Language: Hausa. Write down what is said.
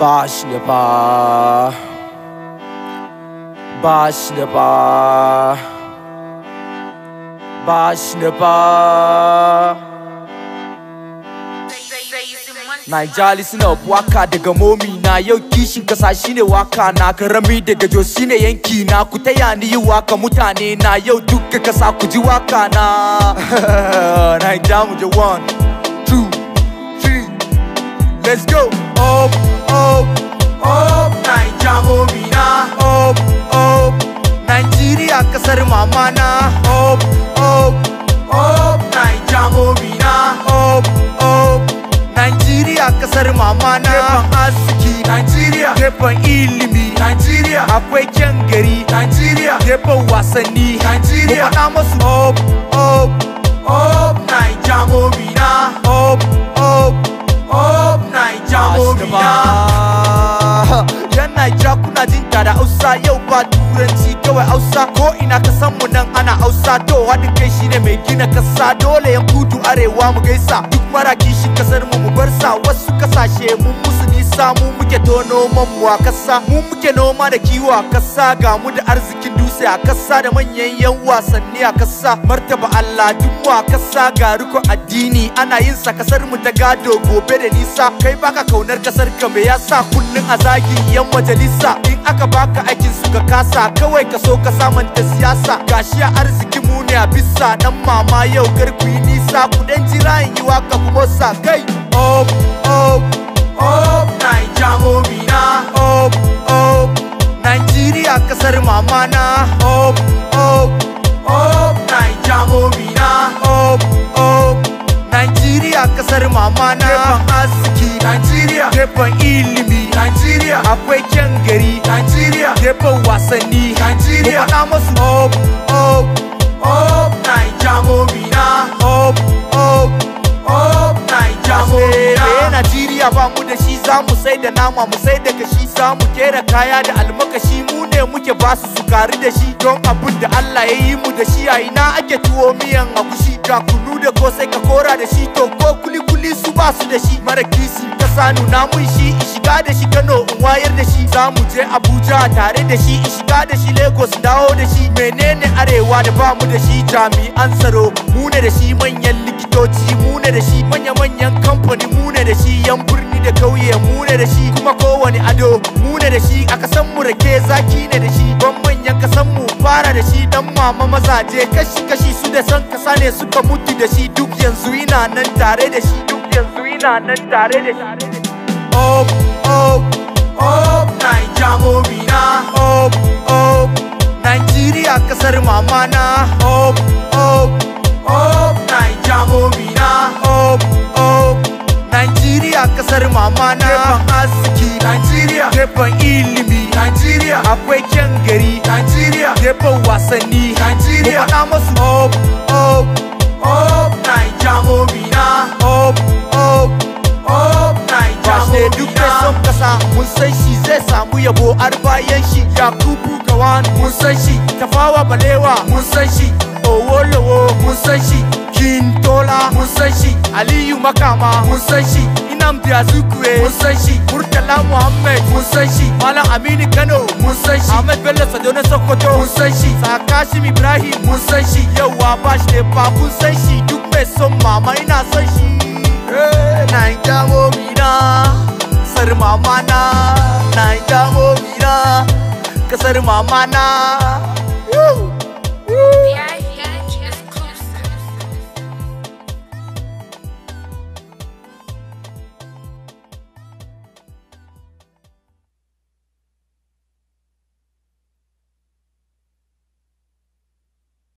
Başlapa Başlapa Başlapa Naija listen up waka daga momi na yau kishin kasa shine waka na karami daga jos shine yanki na ku taya ni yi waka mutane na yau duka kasa ku ji waka na Naija mu je one two three let's go oh. kasar mama na hope hope hope naija momi na hope hope Nigeria kasar mama na gefen Nigeria gefen ilimi Nigeria akwai kyan gari Nigeria gefen wasanni Nigeria mu faɗa musu hope hope hope da hausa yau ba turanci kawai hausa ko ina ka san mu nan ana hausa to haɗin kai shine mai gina kasa dole yan kudu arewa mu gaisa duk mara kishin kasar mu mu bar sa wasu kasashe mun musu kasa mu muke tono mu a kasa mu muke noma da kiwo a kasa ga mu da arzikin dutse a kasa da manyan yan wasanni a kasa martaba Allah duk a kasa ga riko addini ana yin sa kasar mu ta gado gobe da nisa kai baka kaunar kasar ka me yasa kullun a zagin yan majalisa in aka baka aikin su ka kasa kawai ka so ka samanta siyasa gashi a arziki mu ne a bisa dan mama yau garkuyi nisa kudan jira in yi waka kuma sa kai oh oh oh mana hope, hope, hope Naija na hope, hope Nigeria kasar mama na gefen arziki Nigeria gefen ilimi Nigeria akwai kyan gari Nigeria gefen wasanni Nigeria mu faɗa musu hope, hope, hope Naija samu sai da nama mu sai da kashi samu kera kaya da almakashi mu ne muke ba su sukari da shi don abin da Allah ya yi mu da shi a ina ake tuwo miyan agushi ga kunu da ko sai ka kora da shi to ko kuli kuli su ba su da shi mara kisi ta sanu na mu shi shiga da shi Kano in wayar da shi za je Abuja tare da shi shiga da shi Lagos dawo da shi menene arewa da ba mu da shi jami'an tsaro mu ne da shi manyan likitoci mu ne da shi manya-manyan kamfani mu ne da shi yan da kauye mu ne da shi kuma kowane ado mu ne da shi a san mu rake zaki ne da shi don manyan kasan mu fara da shi dan mama mazaje kashi kashi su da san kasa ne suka mutu da shi duk yanzu ina nan tare da shi duk yanzu ina nan tare da shi oh oh oh Naija momina oh oh Nigeria kasar mama na oh kasar mama na gefen arziki Najeriya gefen ilimi Najeriya akwai kyan gari Najeriya gefen wasanni Najeriya mu faɗa masu up up ko arfayen shi yakubu kawani. mun san shi tafawa balewa mun san shi owolowo mun san shi kintola mun san shi aliyu makama mun san shi Nnamdi Azukwe mun san shi Murtala muhammed. mun san shi Malam Aminu Kano mun san shi Ahmed Bello Sadona Sokoto mun san shi Sakashim Ibrahim mun san shi Yawa Bash de pa mun san shi duk so son mama ina san shi Eh Naija momina sar mama na 妈妈呐。